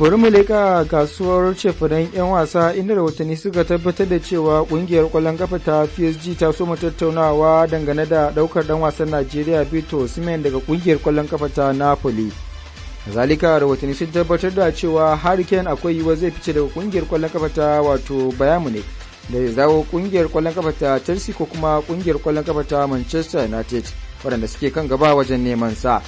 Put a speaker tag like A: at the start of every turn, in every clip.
A: bari mu leƙa kasuwar cefuran 'yan wasa inda rahotanni suka tabbatar da cewa kungiyar kwallon kafa ta psg ta so mu tattaunawa dangane da daukar dan wasan najeriya bito simen daga kungiyar kwallon kafa ta napoli zalika rahotanni sun tabbatar da cewa hurricane akwai yiwuwa zai fice daga kungiyar kwallon kafa ta wato bayamune da ya zawo kungiyar kwallon kafa ta chelsea ko kuma kungiyar kwallon kafa ta manchester united waɗanda suke kan gaba wajen neman sa.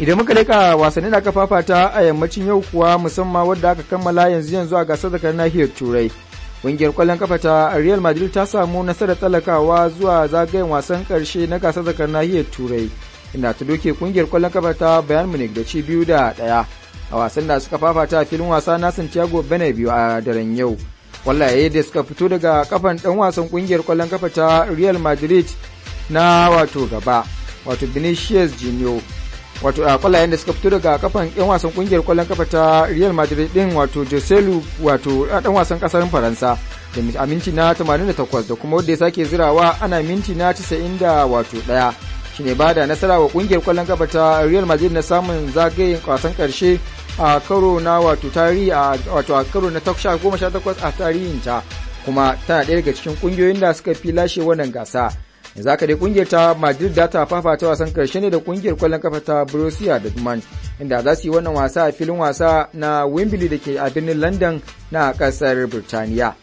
A: idan muka leka wasanni da aka fafata a yammacin yau kuwa musamman wadda aka kammala yanzu yanzu a gasar zakar nahiyar turai ƙungiyar kwallon kafa ta real madrid ta samu nasarar tsallakawa zuwa zagayen wasan ƙarshe na gasar zakar nahiyar turai ina ta doke ƙungiyar kwallon kafa ta bayan munich da ci biyu da ɗaya a wasan da suka fafata a filin wasa na santiago biyu a daren yau wallaye da suka fito daga kafan ɗan wasan ƙungiyar kwallon kafa ta real madrid na wato gaba wato vinicius junior wato a kwallayen da suka fito daga kafan yan wasan kungiyar kwallon kafa ta Real Madrid din wato Joselu wato dan wasan kasar Faransa da a minti na 88 da kuma wanda ya sake zirawa ana minti na 90 wato daya shine ba da nasara wa kungiyar kwallon kafa ta Real Madrid na samun zagayen kwasan karshe a karo na wato tarihi a karo na 18 a tarihinta kuma tana ɗaya daga cikin kungiyoyin da suka fi lashe wannan gasa yanzu haka dai kungiyar ta madrid da ta fafata wasan karshe ne da kungiyar kwallon kafa ta borussia dortmund inda za su yi wannan wasa a filin wasa na wembley da ke a birnin london na kasar birtaniya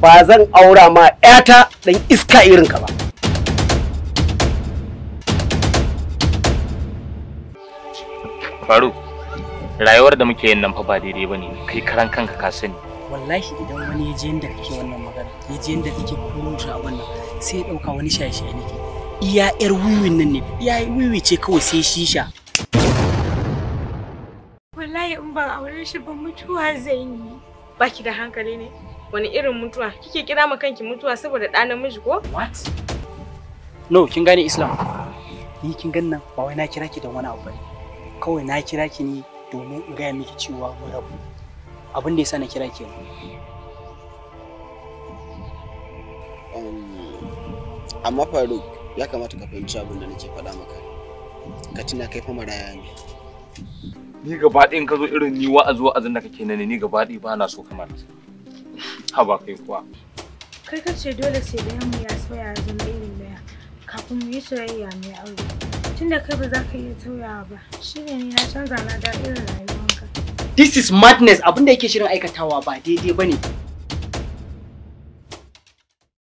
A: ba zan aura ma 'yata dan iska irin ka ba faru rayuwar da muke yin nan fa ba daidai ba kai karan kanka ka sani wallahi idan wani ya je inda kake wannan magana ya je inda kake shi abin nan, sai ya ɗauka wani shaye-shaye nake iya yar wiwi nan ne iya wiwi ce kawai sai shisha wallahi in ban aure shi ba mutuwa zai yi baki da hankali ne wani irin mutuwa kike kira ma kanki mutuwa saboda ɗa namiji ko what no kin gane islam ni kin gan nan ba wai na kira ki don wani abu bane kawai na kira ki ne domin in gaya miki cewa mu rabu abin da sa na kira ke um, amma faruk ya kamata ka fahimci abin da nake faɗa maka ka tuna kai fa maraya ne ni gaba ɗin ka zo irin ni wa'azi wa'azin da kake nani ni gaba ɗin ba na so kamar ha ba kai kuwa kai ka ce dole sai da mu ya tsaya ya zama irin daya kafin mu yi soyayya mai aure tunda kai ba za ka iya tauyawa ba shine ni na canza na da irin rayuwa this is madness abin da yake shirin aikatawa ba daidai bane